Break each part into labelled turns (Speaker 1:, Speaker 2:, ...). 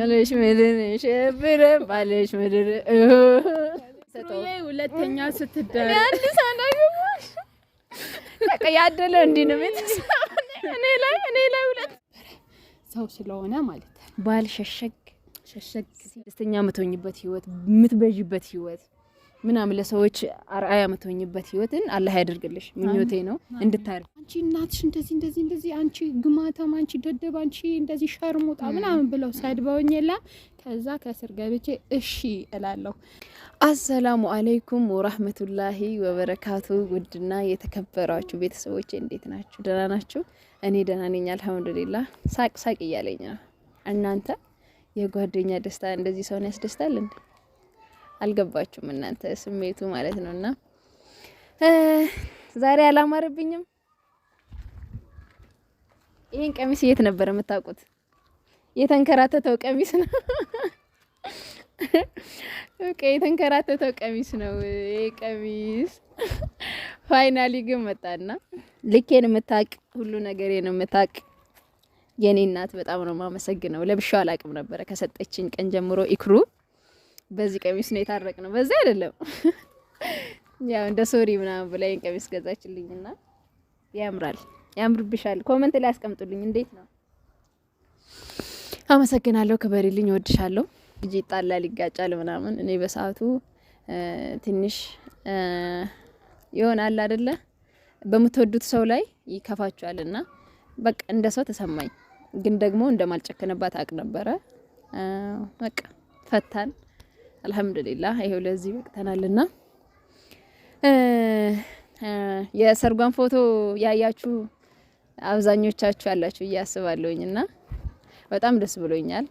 Speaker 1: ያለች ባለሽ ምድር
Speaker 2: ሁለተኛ ስትዳር
Speaker 1: ያደለ እንዲህ ነው። እኔ ላይ እኔ ላይ ሁለት ሰው ስለሆነ ማለት ባል ሸሸግ ሸሸግ ደስተኛ የምትሆኝበት ህይወት የምትበዥበት ህይወት ምናምን ለሰዎች አርአያ የምትሆኝበት ህይወትን አላህ ያደርግልሽ፣ ምኞቴ ነው። እንድታር አንቺ እናትሽ እንደዚህ እንደዚህ እንደዚህ አንቺ ግማታም፣ አንቺ ደደብ፣ አንቺ እንደዚህ ሸርሙጣ ምናምን ብለው ሰድበውኝ ከዛ ከስር ገብቼ እሺ እላለሁ። አሰላሙ አለይኩም ወራህመቱላሂ ወበረካቱ። ውድና የተከበራችሁ ቤተሰቦች እንዴት ናችሁ? ደህና ናችሁ? እኔ ደህና ነኝ አልሐምዱሊላህ። ሳቅ ሳቅ እያለኝ እናንተ የጓደኛ ደስታ እንደዚህ ሰውን ያስደስታል እንዴ? አልገባችሁም እናንተ ስሜቱ ማለት ነው። እና ዛሬ አላማረብኝም። ይህን ቀሚስ የት ነበር የምታውቁት? የተንከራተተው ቀሚስ ነው። ኦኬ የተንከራተተው ቀሚስ ነው ይሄ ቀሚስ። ፋይናሊ ግን መጣና ልኬን የምታቅ ሁሉ ነገር ነው የምታቅ የኔ እናት በጣም ነው ማመሰግነው። ለብሻው አላቅም ነበረ ከሰጠችኝ ቀን ጀምሮ ኢክሩ በዚህ ቀሚስ ነው የታረቅ ነው በዚህ አይደለም። ያው እንደ ሶሪ ምናምን ብላ ቀሚስ ገዛችልኝና ያምራል፣ ያምርብሻል። ኮመንት ላይ አስቀምጡልኝ እንዴት ነው። አመሰግናለሁ። ክበሪልኝ፣ ወድሻለሁ ልጅ ይጣላል፣ ይጋጫል ምናምን። እኔ በሰዓቱ ትንሽ ይሆናል አይደለ በምትወዱት ሰው ላይ ይከፋችኋልና በቃ እንደ ሰው ተሰማኝ፣ ግን ደግሞ እንደማልጨክንባት አቅ ነበረ። በቃ ፈታን አልሐምዱሊላህ ይሄው ለዚህ በቅተናልና የሰርጓን ፎቶ ያያችሁ አብዛኞቻችሁ ያላችሁ እያስባለሁኝና በጣም ደስ ብሎኛል።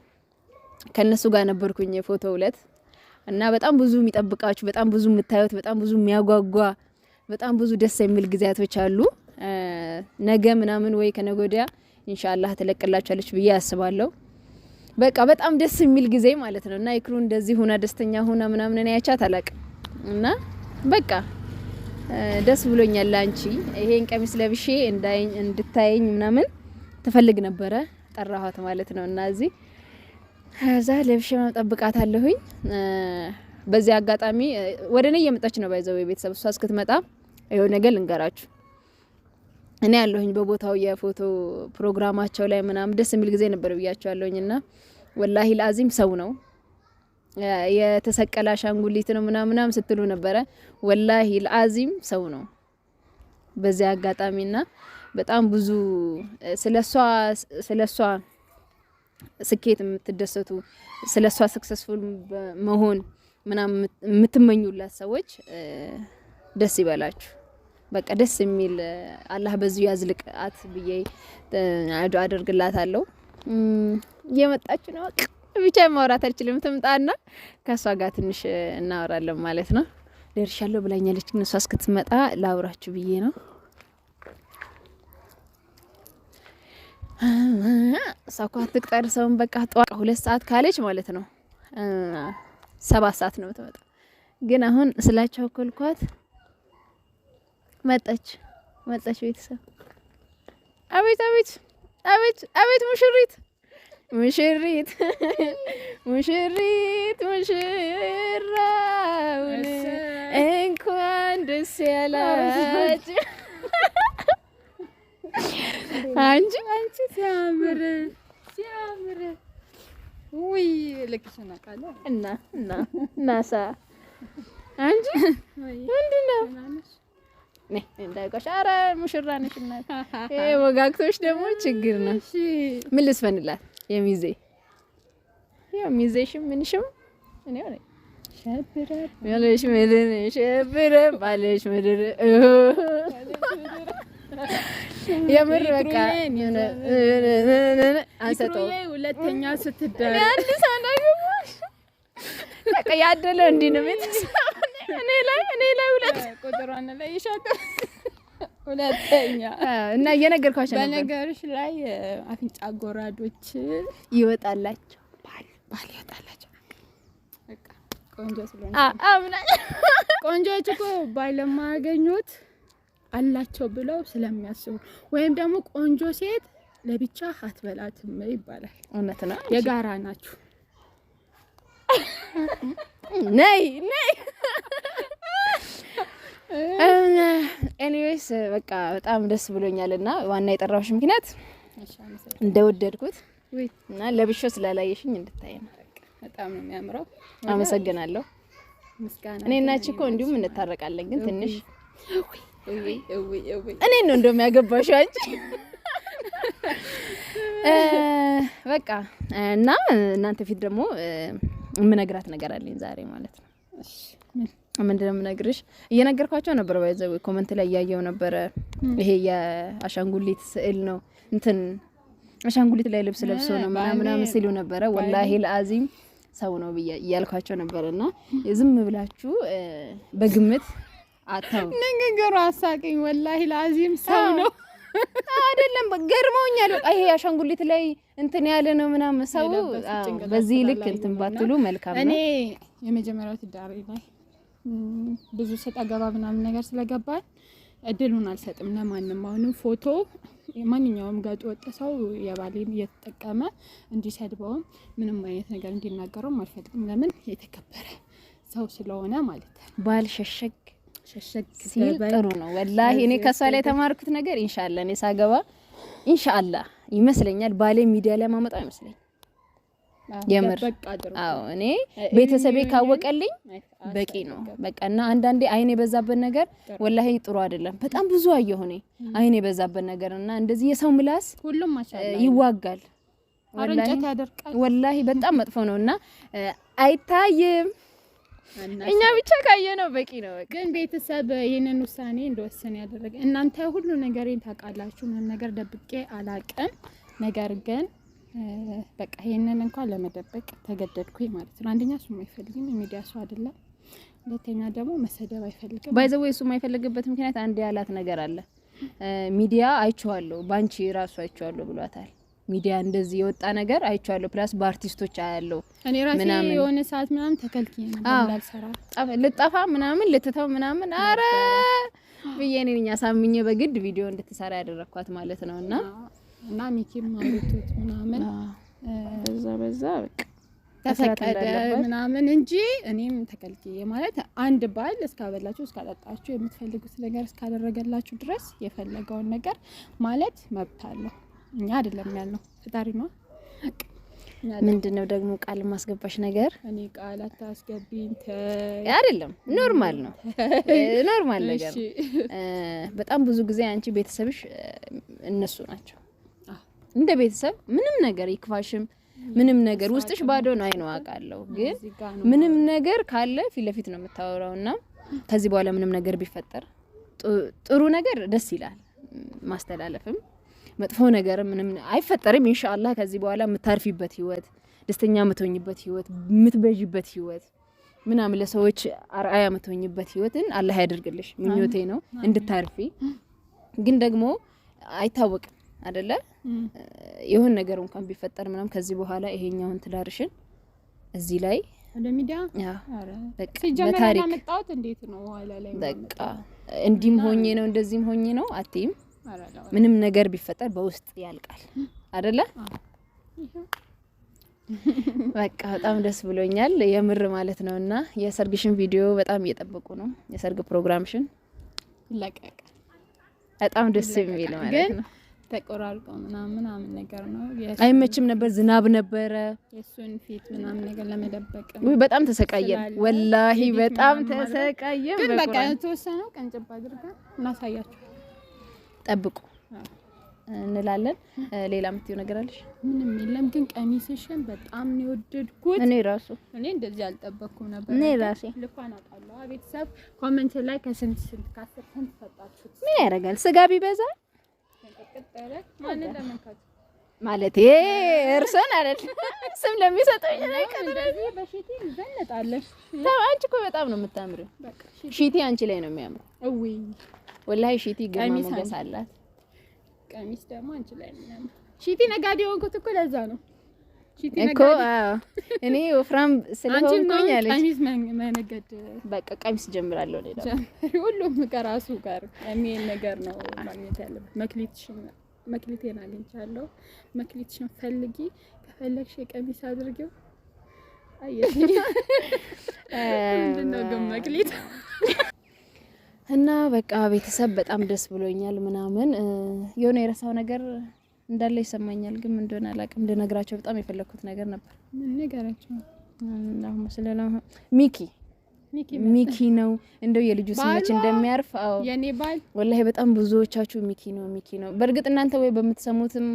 Speaker 1: ከነሱ ጋር ነበርኩኝ የፎቶ እለት እና በጣም ብዙ የሚጠብቃችሁ በጣም ብዙ የምታዩት በጣም ብዙ የሚያጓጓ በጣም ብዙ ደስ የሚል ጊዜያቶች አሉ። ነገ ምናምን ወይ ከነገ ወዲያ ኢንሻአላህ ትለቅላችኋለች ብዬ አስባለሁ። በቃ በጣም ደስ የሚል ጊዜ ማለት ነው። እና ይክሩ እንደዚህ ሆና ደስተኛ ሆና ምናምን እኔ አይቻት አላቅም። እና በቃ ደስ ብሎኛል ላንቺ። ይሄን ቀሚስ ለብሼ እንድታየኝ ምናምን ትፈልግ ነበረ ጠራኋት ማለት ነው። እና እዚህ ከዛ ለብሼ መጠብቃት አለሁኝ። በዚህ አጋጣሚ ወደ እኔ እየመጣች ነው ባይዘው የቤተሰብ እሷ እስክትመጣ ይኸው ነገር ልንገራችሁ እኔ ያለሁኝ በቦታው የፎቶ ፕሮግራማቸው ላይ ምናምን ደስ የሚል ጊዜ ነበር ብያቸዋለሁኝ። እና ወላሂ ለአዚም ሰው ነው የተሰቀለ አሻንጉሊት ነው ምናምናም ስትሉ ነበረ። ወላሂ ለአዚም ሰው ነው። በዚያ ና በጣም ብዙ ስለሷ ስለሷ ስኬት የምትደሰቱ ስለሷ ሰክሰስፉል መሆን ምናምን የምትመኙላት ሰዎች ደስ ይበላችሁ። በቃ ደስ የሚል አላህ በዚሁ ያዝልቃት ብዬ አዶ አደርግላታለሁ። እየመጣች ነው ብቻ ማውራት አልችልም። ትምጣና ከእሷ ጋር ትንሽ እናወራለን ማለት ነው። ደርሻለሁ ብላኛለች፣ ግን እሷ እስክትመጣ ላውራችሁ ብዬ ነው። ሳኳ ትቅጠር ሰውን በቃ ጠዋት ሁለት ሰዓት ካለች ማለት ነው ሰባት ሰዓት ነው የምትመጣ። ግን አሁን ስላቻኮልኳት መጣች መጣች። ቤተሰብ አቤት አቤት አቤት አቤት ሙሽሪት ሙሽሪት ሙሽሪት ሙሽራውን እንኳን ደስ ያላችሁ። አንቺ አንቺ ሲያምር ሲያምር ውይ ልክሽን አውቃለሁ። እና እና እናሳ አንቺ ምንድን ነው እንዳይቆሽ። ኧረ ሙሽራ ነሽ እናት። ወጋግቶች ደግሞ ችግር ነው። ምን ልስፈንላት? የሚዜ ያው ሚዜሽም ምንሽም እኔ ምድር ሸብረ ባለሽ ምድር የምር በቃ አንሰጠውም። ሁለተኛ ስትደርስ እንዲህ ነው እኔ ላይ እኔ ላይ ሁለት
Speaker 2: ቁጥሯን ላይ ይሻታል። ሁለተኛ
Speaker 1: እና እየነገርኳቸው
Speaker 2: ነበር። በነገርሽ ላይ አፍንጫ ጎራዶች
Speaker 1: ይወጣላቸው፣ ባል ባል ይወጣላቸው።
Speaker 2: ቆንጆ ስለሆነ አምና ቆንጆዎች እኮ ባለማያገኙት አላቸው ብለው ስለሚያስቡ ወይም ደግሞ ቆንጆ ሴት ለብቻ አትበላትም ይባላል። እውነት ነው። የጋራ ናችሁ።
Speaker 1: ነይ ነይ። ኤኒዌይስ በቃ በጣም ደስ ብሎኛል እና ዋና የጠራሁሽ ምክንያት እንደወደድኩት እና ለብሾ ስላላየሽኝ እንድታይ ነው።
Speaker 2: በጣም ነው የሚያምረው።
Speaker 1: አመሰግናለሁ። እኔ እና አንቺ እኮ እንዲሁም እንታረቃለን፣ ግን ትንሽ እኔ ነው እንደውም ያገባሽው አንቺ በቃ እና እናንተ ፊት ደግሞ የምነግራት ነገር አለኝ ዛሬ ማለት ነው። ምንድነው የምነግርሽ? እየነገርኳቸው ነበር። ባይዘ ኮመንት ላይ እያየው ነበረ። ይሄ የአሻንጉሊት ስዕል ነው እንትን አሻንጉሊት ላይ ልብስ ለብሶ ነው ምናምናም ሲሉ ነበረ። ወላሂ ለአዚም ሰው ነው ብዬ እያልኳቸው ነበር። እና ዝም ብላችሁ በግምት
Speaker 2: አተው ንግግሩ አሳቀኝ። ወላሂ ለአዚም ሰው ነው
Speaker 1: አይደለም ገርመውኛል። በቃ ይሄ አሻንጉሊት ላይ እንትን ያለ ነው ምናምን ሰው በዚህ ልክ እንትን ባትሉ መልካም
Speaker 2: ነው። እኔ የመጀመሪያው ትዳር ላይ ብዙ ሰጥ አገባ ምናምን ነገር ስለገባል እድሉን አልሰጥም ለማንም። አሁንም ፎቶ ማንኛውም ገጡ ወጥ ሰው የባሌን እየተጠቀመ እንዲሰድበውም ምንም አይነት ነገር እንዲናገረውም አልፈልግም። ለምን የተከበረ ሰው ስለሆነ ማለት
Speaker 1: ነው ባል ሸሸግ ሲል ጥሩ ነው። ወላሂ እኔ ከሷ ላይ የተማርኩት ነገር ኢንሻአላ እኔ ሳገባ ኢንሻአላ ይመስለኛል ባሌ ሚዲያ ላይ ማመጣ ይመስለኝ የምር አዎ፣ እኔ ቤተሰቤ ካወቀልኝ በቂ ነው በቃ። እና አንዳንዴ አይን የበዛበት ነገር ወላሂ ጥሩ አይደለም። በጣም ብዙ አየሁ እኔ አይን የበዛበት ነገር እና እንደዚህ የሰው ምላስ ይዋጋል፣ ወላሂ በጣም መጥፎ ነው እና አይታይም እኛ ብቻ ካየ ነው በቂ ነው።
Speaker 2: ግን ቤተሰብ ይህንን ውሳኔ እንደወሰን ያደረገ እናንተ ሁሉ ነገሬን ታውቃላችሁ። ምንም ነገር ደብቄ አላቅም። ነገር ግን በቃ ይህንን እንኳን ለመደበቅ ተገደድኩኝ ማለት ነው። አንደኛ እሱ አይፈልግም፣ የሚዲያ ሰው አይደለም። ሁለተኛ ደግሞ መሰደብ አይፈልግም።
Speaker 1: ባይዘው እሱ የማይፈልግበት ምክንያት አንድ ያላት ነገር አለ። ሚዲያ አይቼዋለሁ፣ ባንቺ ራሱ አይቼዋለሁ ብሏታል ሚዲያ እንደዚህ የወጣ ነገር አይቻለሁ። ፕላስ በአርቲስቶች አያለው።
Speaker 2: እኔ ራሴ የሆነ ሰዓት ምናምን ተከልኪ
Speaker 1: ልጠፋ ምናምን ልትተው ምናምን አረ ብዬ እኔ ነኝ አሳምኜ በግድ ቪዲዮ እንድትሰራ ያደረግኳት ማለት ነው። እና
Speaker 2: እና ሚኪም ማሩቱት ምናምን
Speaker 1: በዛ በዛ
Speaker 2: ተፈቀደ ምናምን እንጂ እኔም ተከልክዬ ማለት አንድ ባል እስካበላችሁ እስካጠጣችሁ የምትፈልጉት ነገር እስካደረገላችሁ ድረስ የፈለገውን ነገር ማለት መብት አለሁ። እኛ አይደለም ያልነው ፈጣሪ ነው።
Speaker 1: ምንድን ነው ደግሞ ቃል ማስገባሽ ነገር?
Speaker 2: እኔ ቃል አታስገቢኝ
Speaker 1: አይደለም፣ ኖርማል ነው ኖርማል ነገር። በጣም ብዙ ጊዜ አንቺ ቤተሰብሽ እነሱ ናቸው እንደ ቤተሰብ። ምንም ነገር ይክፋሽም ምንም ነገር ውስጥሽ ባዶ ነው አይነዋቃለሁ፣ ግን ምንም ነገር ካለ ፊት ለፊት ነው የምታወራው። እና ከዚህ በኋላ ምንም ነገር ቢፈጠር ጥሩ ነገር ደስ ይላል ማስተላለፍም መጥፎ ነገር ምንም አይፈጠርም። ኢንሻአላህ ከዚህ በኋላ የምታርፊበት ህይወት፣ ደስተኛ የምትሆኝበት ህይወት፣ የምትበዥበት ህይወት ምናምን ለሰዎች አርአያ የምትሆኝበት ህይወትን አላህ ያደርግልሽ ምኞቴ ነው እንድታርፊ። ግን ደግሞ አይታወቅም አደለ የሆን ነገር እንኳን ቢፈጠር ምናምን ከዚህ በኋላ ይሄኛውን ትዳርሽን እዚህ ላይ
Speaker 2: ወደ ሚዲያ በታሪክ
Speaker 1: እንዲህም ሆኜ ነው እንደዚህም ሆኜ ነው አትይም ምንም ነገር ቢፈጠር በውስጥ ያልቃል አደለ? በቃ በጣም ደስ ብሎኛል የምር ማለት ነው። እና የሰርግሽን ቪዲዮ በጣም እየጠበቁ ነው። የሰርግ ፕሮግራምሽን ይለቀቃል። በጣም ደስ የሚል ማለት ነው።
Speaker 2: ተቆራርጦ ምናምን ምናምን ነገር ነው።
Speaker 1: አይመችም ነበር፣ ዝናብ ነበረ።
Speaker 2: የሱን ፊት ምናምን ነገር ለመደበቅ
Speaker 1: ወይ በጣም ተሰቃየን፣ ወላሂ በጣም ተሰቃየን።
Speaker 2: ግን በቃ የተወሰነው ቀንጭባ አድርገን እናሳያችሁ
Speaker 1: ጠብቁ እንላለን። ሌላ የምትይው ነገር አለሽ?
Speaker 2: ምንም የለም። ግን ቀሚስሽን በጣም ነው የወደድኩት። እኔ ራሱ እኔ እንደዚህ አልጠበቅኩም ነበር። እኔ ራሴ ልኳን አውቃለሁ። ቤተሰብ ኮመንት ላይ ከስንት ስንት ከአስር ስንት
Speaker 1: ሰጣችሁት? ምን ያደርጋል ስጋ ቢበዛ ማለት እርስን አለል ስም ለሚሰጠኝ ላይ
Speaker 2: በሽቲ ይዘነጣለሽ።
Speaker 1: አንቺ እኮ በጣም ነው የምታምሪው። ሽቲ አንቺ ላይ ነው የሚያምረው። ወላሂ ሺቲ ግርማ ሞገስ አላት።
Speaker 2: ቀሚስ ደግሞ አንቺ ላይ ሺቲ ነጋዴ የሆንኩት እኮ ለዛ ነው
Speaker 1: እኮ እኔ ወፍራም ስለሆንኩኝ
Speaker 2: አለች። ቀሚስ መነገድ
Speaker 1: በቃ ቀሚስ ጀምራለሁ። ሌላ
Speaker 2: ሁሉም ከራሱ ጋር የሚሄድ ነገር ነው ማግኘት ያለብን። መክሊትሽን መክሊቴን አግኝቻለሁ። መክሊትሽን ፈልጊ፣ ከፈለግሽ የቀሚስ አድርጊው። አየሽ ምንድን ነው ግን መክሊት
Speaker 1: እና በቃ ቤተሰብ በጣም ደስ ብሎኛል ምናምን የሆነ የረሳው ነገር እንዳለ ይሰማኛል፣ ግን እንደሆነ አላውቅም። ልነግራቸው በጣም የፈለግኩት ነገር ነበር። ሚኪ ሚኪ ነው እንደው የልጁ ስመች እንደሚያርፍ አዎ፣ የኔ ባል ወላሂ በጣም ብዙዎቻችሁ ሚኪ ነው ሚኪ ነው። በእርግጥ እናንተ ወይ በምትሰሙትም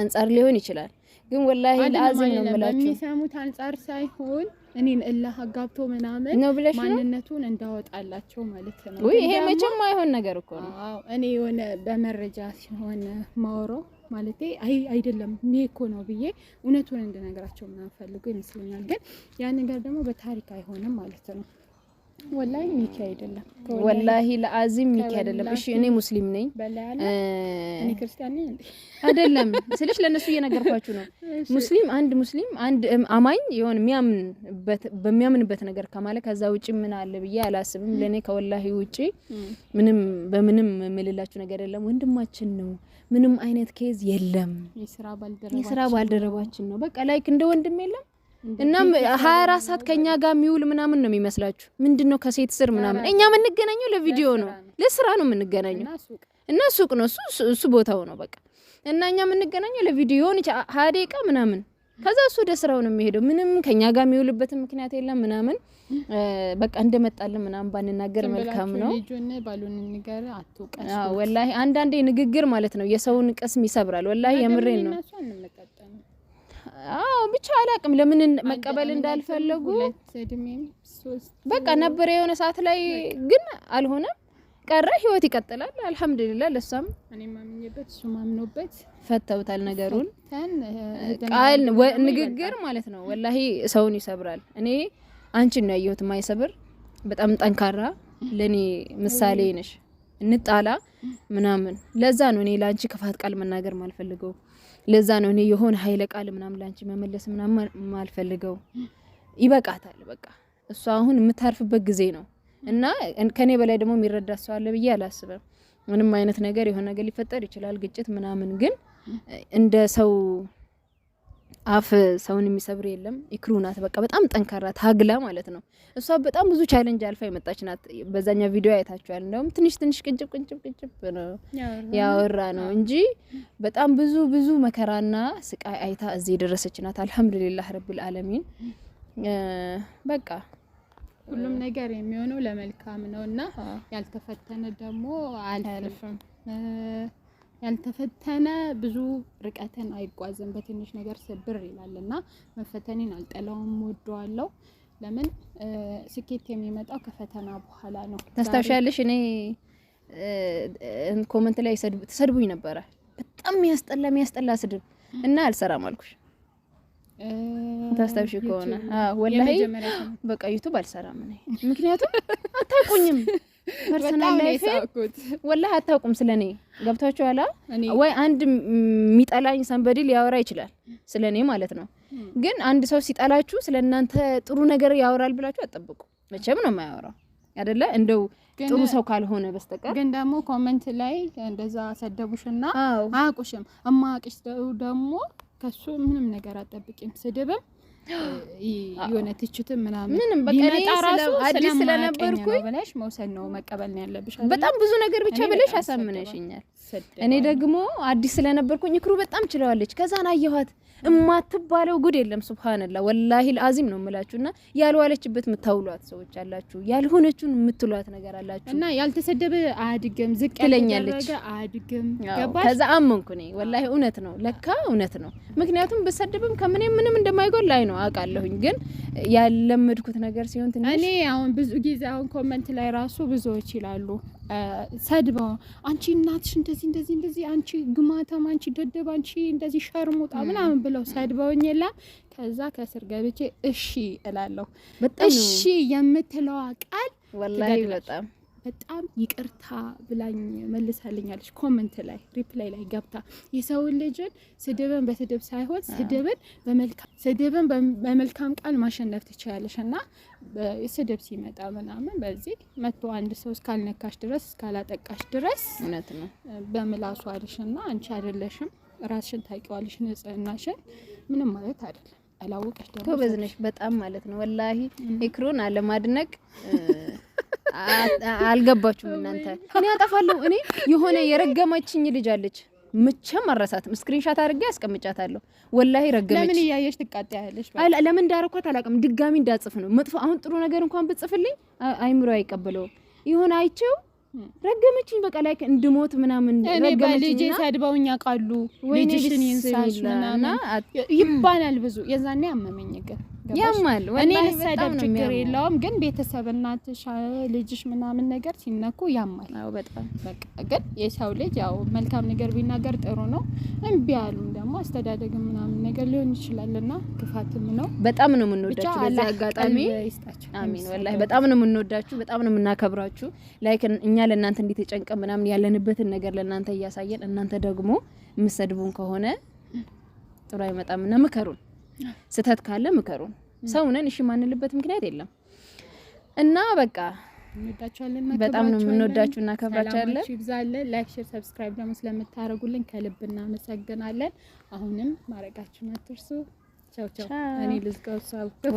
Speaker 1: አንጻር ሊሆን ይችላል ግን ወላሂ ለአዝም
Speaker 2: ነው የምላችሁ በሚሰሙት አንጻር ሳይሆን እኔን እላህ አጋብቶ ምናምን ነው ብለሽ ማንነቱን እንዳወጣላቸው ማለት
Speaker 1: ነው። ወይ ይሄ መቼም አይሆን ነገር እኮ ነው።
Speaker 2: አዎ እኔ የሆነ በመረጃ ሲሆን ማወሮ ማለት አይ አይደለም እኔ እኮ ነው ብዬ እውነቱን እንድነግራቸው ምናምን ፈልጎ ይመስለኛል። ግን ያ ነገር ደግሞ በታሪክ አይሆንም ማለት ነው። ወላሂ ሚኪ አይደለም፣
Speaker 1: ወላሂ ለአዚም ሚኪ አይደለም። እሺ እኔ ሙስሊም ነኝ አይደለም ስልሽ ለእነሱ እየነገርኳችሁ ነው። ሙስሊም አንድ ሙስሊም አንድ አማኝ የሆነ በሚያምንበት ነገር ከማለ ከዛ ውጭ ምን አለ ብዬ አላስብም። ለእኔ ከወላሂ ውጭ ምንም በምንም የምልላችሁ ነገር የለም። ወንድማችን ነው። ምንም አይነት ኬዝ የለም።
Speaker 2: የስራ ባልደረባችን ነው።
Speaker 1: በቃ ላይክ እንደ ወንድም የለም እናም ሀያ አራት ሰዓት ከእኛ ጋር የሚውል ምናምን ነው የሚመስላችሁ? ምንድን ነው ከሴት ስር ምናምን። እኛ የምንገናኘው ለቪዲዮ ነው፣ ለስራ ነው የምንገናኘው እና ሱቅ ነው እሱ ቦታው ነው በቃ። እና እኛ የምንገናኘው ለቪዲዮ ሀያ ደቂቃ ምናምን፣ ከዛ እሱ ወደ ስራው ነው የሚሄደው። ምንም ከእኛ ጋር የሚውልበትን ምክንያት የለም ምናምን በቃ እንደመጣልን ምናምን ባንናገር መልካም ነው። ወላሂ አንዳንዴ ንግግር ማለት ነው የሰውን ቅስም ይሰብራል። ወላሂ የምሬን ነው አዎ ብቻ አላቅም ለምን መቀበል እንዳልፈለጉ በቃ ነበረ የሆነ ሰዓት ላይ ግን አልሆነም ቀረ። ህይወት ይቀጥላል። አልሐምዱሊላ ለሷም
Speaker 2: እኔ እሱ ማምኖበት
Speaker 1: ፈተውታል ነገሩን። ቃል ንግግር ማለት ነው ወላሂ ሰውን ይሰብራል። እኔ አንቺን ነው ያየሁት ማይሰብር በጣም ጠንካራ ለኔ ምሳሌ ነሽ። እንጣላ ምናምን። ለዛ ነው እኔ ለአንቺ ክፋት ቃል መናገር ማልፈልገው። ለዛ ነው እኔ የሆነ ኃይለ ቃል ምናምን ለአንቺ መመለስ ምናምን ማልፈልገው። ይበቃታል በቃ። እሷ አሁን የምታርፍበት ጊዜ ነው እና ከኔ በላይ ደግሞ የሚረዳ ሰው አለ ብዬ አላስብም። ምንም አይነት ነገር የሆነ ነገር ሊፈጠር ይችላል፣ ግጭት ምናምን፣ ግን እንደ ሰው አፍ ሰውን የሚሰብር የለም። ኢክሩ ናት፣ በቃ በጣም ጠንካራ ታግላ ማለት ነው። እሷ በጣም ብዙ ቻሌንጅ አልፋ የመጣች ናት። በዛኛው ቪዲዮ አይታችኋል። እንደውም ትንሽ ትንሽ ቅንጭብ ቅንጭብ ቅንጭብ ነው ያወራ ነው እንጂ በጣም ብዙ ብዙ መከራና ስቃይ አይታ እዚህ የደረሰች ናት። አልሐምዱሊላህ ረብል አለሚን። በቃ
Speaker 2: ሁሉም ነገር የሚሆነው ለመልካም ነው እና ያልተፈተነ ደግሞ አልፍም ያልተፈተነ ብዙ ርቀትን አይጓዝም፣ በትንሽ ነገር ስብር ይላል እና መፈተኔን አልጠላውም፣ ወደዋለሁ። ለምን ስኬት የሚመጣው ከፈተና በኋላ ነው።
Speaker 1: ታስታውሻለሽ? እኔ ኮመንት ላይ ተሰድቡኝ ነበረ። በጣም የሚያስጠላ የሚያስጠላ ስድብ እና አልሰራም አልኩሽ። ታስታውሽ ከሆነ ወላሂ በቃ ዩቱብ አልሰራም።
Speaker 2: ምክንያቱም አታውቁኝም ፐርሰናል
Speaker 1: አታውቁም ስለኔ ገብታችሁ ያላ ወይ አንድ የሚጠላኝ ሰንበዲ ሊያወራ ይችላል ስለኔ ማለት ነው። ግን አንድ ሰው ሲጠላችሁ ስለ እናንተ ጥሩ ነገር ያወራል ብላችሁ አጠብቁ። መቼም ነው የማያወራው አይደለ እንደው ጥሩ ሰው ካልሆነ በስተቀር
Speaker 2: ግን ደግሞ ኮመንት ላይ እንደዛ ሰደቡሽና አያውቁሽም። እማያውቅሽ ደግሞ ከሱ ምንም ነገር አጠብቂም፣ ስድብም የሆነ ትችት ምናምን
Speaker 1: ምንም በቃ ስለነበርኩኝ ብለሽ መውሰድ ነው መቀበል ነው ያለብሽ። በጣም ብዙ ነገር ብቻ ብለሽ ያሳምነሽኛል። እኔ ደግሞ አዲስ ስለነበርኩኝ እክሩ በጣም ችለዋለች። ከዛን አየኋት እማትባለው ጉድ የለም። ሱብሃንላ ወላሂ ልአዚም ነው የምላችሁ። እና ያልዋለችበት የምታውሏት ሰዎች አላችሁ፣ ያልሆነችውን የምትሏት ነገር አላችሁ።
Speaker 2: እና ያልተሰደበ አያድግም፣ ዝቅ
Speaker 1: ትለኛለች አያድግም። ከዛ አመንኩ እኔ ወላሂ እውነት ነው ለካ እውነት ነው። ምክንያቱም ብሰደብም ከምን ምንም እንደማይጎል ላይ ነው አውቃለሁኝ፣ ግን ያለመድኩት ነገር ሲሆን
Speaker 2: ትንሽ እኔ አሁን ብዙ ጊዜ አሁን ኮመንት ላይ ራሱ ብዙዎች ይላሉ ሰድበው አንቺ እናትሽ እንደዚህ እንደዚህ እንደዚህ አንቺ ግማታም፣ አንቺ ደደብ፣ አንቺ እንደዚህ ሸርሙጣ ምናምን ብለው ሰድበውኝ የለም። ከዛ ከስር ገብቼ እሺ እላለሁ። እሺ የምትለዋ ቃል
Speaker 1: ወላሂ በጣም
Speaker 2: በጣም ይቅርታ ብላኝ መልሳልኛለች። ኮመንት ላይ ሪፕላይ ላይ ገብታ የሰውን ልጅን ስድብን በስድብ ሳይሆን ስድብን ስድብን በመልካም ቃል ማሸነፍ ትችላለሽ እና ስድብ ሲመጣ ምናምን በዚህ መቶ አንድ ሰው እስካልነካሽ ድረስ እስካላጠቃሽ ድረስ እውነት ነው በምላሱ አልሽ እና አንቺ አይደለሽም ራስሽን ታውቂዋለሽ። ንጽህናሽን ምንም ማለት አይደለም።
Speaker 1: አላወቀሽ ደግሞ ጎበዝ ነሽ በጣም ማለት ነው። ወላሂ ኢክሩን አለማድነቅ አልገባችሁም እናንተ። እኔ አጠፋለሁ። እኔ የሆነ የረገመችኝ ልጅ አለች ምቸም አረሳትም። ስክሪንሻት አድርጌ አስቀምጫታለሁ። ወላሂ ረገመች። ለምን
Speaker 2: እያየሽ ትቃጣያለሽ?
Speaker 1: ለምን እንዳረኳት አላውቅም። ድጋሚ እንዳጽፍ ነው መጥፎ። አሁን ጥሩ ነገር እንኳን ብጽፍልኝ አይምሮ አይቀበለውም። ይሁን አይቼው ረገመችኝ። በቃ ላይ እንድሞት ምናምን
Speaker 2: ልጄ ሰድበውኝ ያውቃሉ ልጅሽን ይንሳሽ ምናምን ይባላል ብዙ። የዛኔ አመመኝ ግን ያማል። እኔ ልሰደብ ችግር የለውም ግን ቤተሰብ፣ እናትሽ፣ ልጅሽ ምናምን ነገር ሲነኩ ያማል። አዎ በጣም በቃ። ግን የሰው ልጅ ያው መልካም ነገር ቢናገር ጥሩ ነው። እምቢ ያሉም ደግሞ አስተዳደግ ምናምን ነገር ሊሆን ይችላል እና ክፋትም ነው።
Speaker 1: በጣም ነው የምንወዳችሁ በዚህ አጋጣሚ አሚን። ወላሂ በጣም ነው የምንወዳችሁ፣ በጣም ነው የምናከብራችሁ። ላይክ እኛ ለእናንተ እንዴት የጨንቀ ምናምን ያለንበትን ነገር ለእናንተ እያሳየን እናንተ ደግሞ የምሰድቡን ከሆነ ጥሩ አይመጣም አይመጣምና ምከሩን። ስህተት ካለ ምከሩን። ሰው ነን እሺ፣ ማንልበት ምክንያት የለም እና በቃ በጣም ነው የምንወዳችሁ እና ከብራችኋለን።
Speaker 2: ይብዛለን። ላይክ፣ ሼር፣ ሰብስክራይብ ደግሞ ስለምታደርጉልን ከልብ እናመሰግናለን። አሁንም ማድረጋችሁን አትርሱ። ቻው ቻው። እኔ ልዝጋው።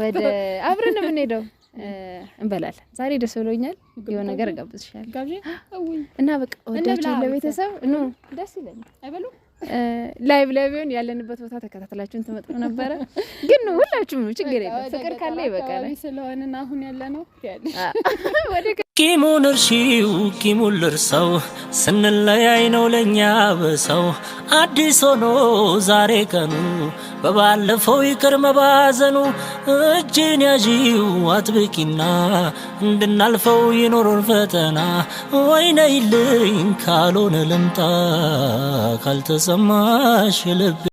Speaker 1: ወደ አብረን የምንሄደው እንበላለን። ዛሬ ደስ ብሎኛል። የሆነ ነገር እጋብዝሻለሁ እና በቃ ወዳችሁ ለቤተሰብ
Speaker 2: ኑ ደስ ይለኛል።
Speaker 1: ላይቭ ላይ ቢሆን ያለንበት ቦታ ተከታተላችሁን ትመጡ ነበረ። ግን ሁላችሁም ችግር የለም ፍቅር ካለ
Speaker 2: ይበቃል አሁን ያለ ነው ወደ ቂሙን እርሺው ቂሙን ልርሰው ስንለያይ ነው ለእኛ በሰው አዲስ ሆኖ ዛሬ ቀኑ በባለፈው ይቅር መባዘኑ እጅን ያዢው አትብቂና እንድናልፈው ይኖሩን ፈተና ወይነይልኝ ካልሆነ ልምጣ ካልተሰማሽ ልብ